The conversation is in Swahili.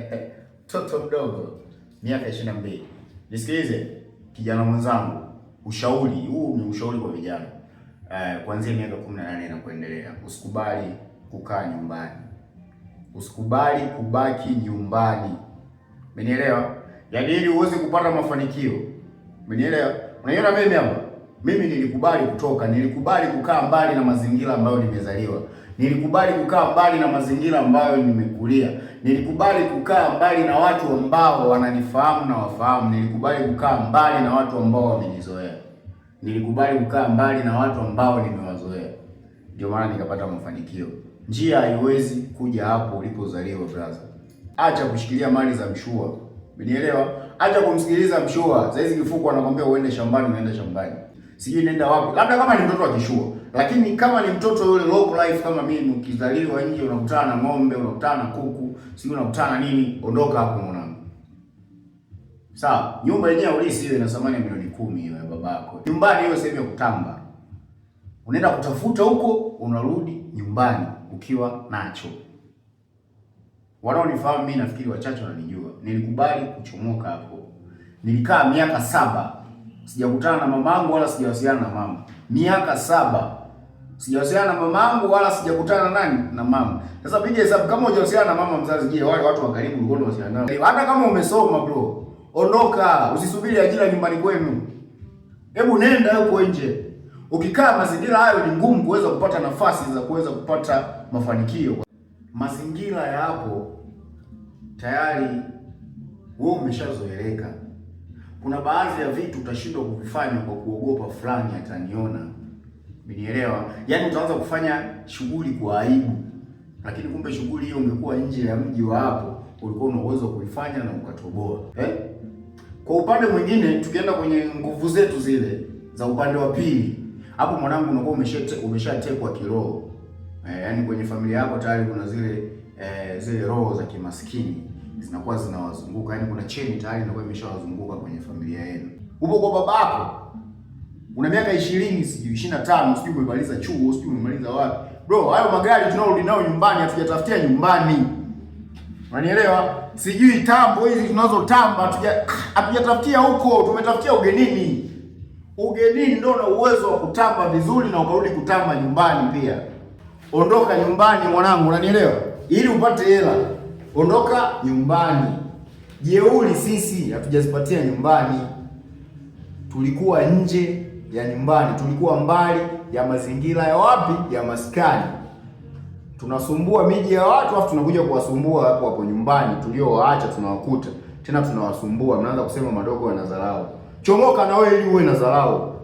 mtoto mdogo miaka ishirini na mbili. Nisikilize kijana mwenzangu, ushauri huu ni ushauri kwa vijana uh, kuanzia miaka kumi na nane na kuendelea. Usikubali kukaa nyumbani, usikubali kubaki nyumbani, umenielewa? Yaani ili uweze kupata mafanikio, umenielewa? Unaiona mimi hapa, mimi nilikubali kutoka, nilikubali kukaa mbali na mazingira ambayo nimezaliwa. Nilikubali kukaa mbali na mazingira ambayo nimekulia. Nilikubali kukaa mbali na watu ambao wananifahamu na wafahamu. Nilikubali kukaa mbali na watu ambao wamenizoea. Nilikubali kukaa mbali na watu ambao nimewazoea. Ndio maana nikapata mafanikio. Njia haiwezi kuja hapo ulipozaliwa brother. Acha kushikilia mali za mshua. Unielewa? Acha kumsikiliza mshua. Saizi kifuko anakwambia uende shambani, unaenda shambani sijui nenda wapi, labda kama ni mtoto wa kishua. Lakini kama ni mtoto yule low life kama mimi, ukizaliwa nje unakutana na ng'ombe, unakutana na kuku, sijui unakutana nini, ondoka hapo mwanangu. Sawa, nyumba yenyewe ulisi ile ina thamani ya milioni kumi ya babako. Nyumbani hiyo sehemu ya kutamba. Unaenda kutafuta huko, unarudi nyumbani ukiwa nacho. Wanaonifahamu mimi nafikiri wachache wananijua. Nilikubali kuchomoka hapo. Nilikaa miaka saba sijakutana na mamangu wala sijawasiliana na mama. Miaka saba sijawasiliana na mamangu wala sijakutana nani na mama. Sasa piga hesabu, kama hujawasiliana na mama mzazi, je, wale watu wa karibu ulikuwa unawasiliana nao? Hata kama umesoma bro, ondoka, usisubiri ajira nyumbani kwenu. Hebu nenda huko nje. Ukikaa mazingira hayo, ni ngumu kuweza kupata nafasi za kuweza kupata mafanikio. Mazingira yapo tayari, wewe umeshazoeleka kuna baadhi ya vitu utashindwa kuvifanya kwa kuogopa fulani ataniona. umenielewa? Yaani utaanza kufanya shughuli kwa aibu, lakini kumbe shughuli hiyo ungekuwa nje ya mji wa hapo ulikuwa una uwezo kuifanya na ukatoboa eh? Kwa upande mwingine, tukienda kwenye nguvu zetu zile za upande wa pili, hapo mwanangu, unakuwa umeshatekwa umeshatekwa kiroho eh, yaani kwenye familia yako tayari kuna zile eh, zile roho za kimaskini zinakuwa zinawazunguka, yaani kuna cheni tayari inakuwa imeshawazunguka kwenye familia yenu. Upo kwa babako una miaka ishirini sijui ishirini na tano sijui umemaliza chuo sijui umemaliza wapi bro, hayo magari tunaorudi nayo nyumbani hatujatafutia nyumbani, unanielewa? Sijui tambo hizi tunazotamba hatujatafutia huko, tumetafutia ugenini. Ugenini ndio na uwezo wa kutamba vizuri na ukarudi kutamba nyumbani pia. Ondoka nyumbani mwanangu, unanielewa, ili upate hela. Ondoka nyumbani. jeuli sisi hatujazipatia nyumbani, tulikuwa nje ya nyumbani, tulikuwa mbali ya mazingira ya wapi, ya maskani. Tunasumbua miji ya watu, afu tunakuja kuwasumbua hapo hapo nyumbani, tuliowaacha tunawakuta tena tunawasumbua, mnaanza kusema madogo yanadharau. Chomoka na wewe ili uwe na dharau.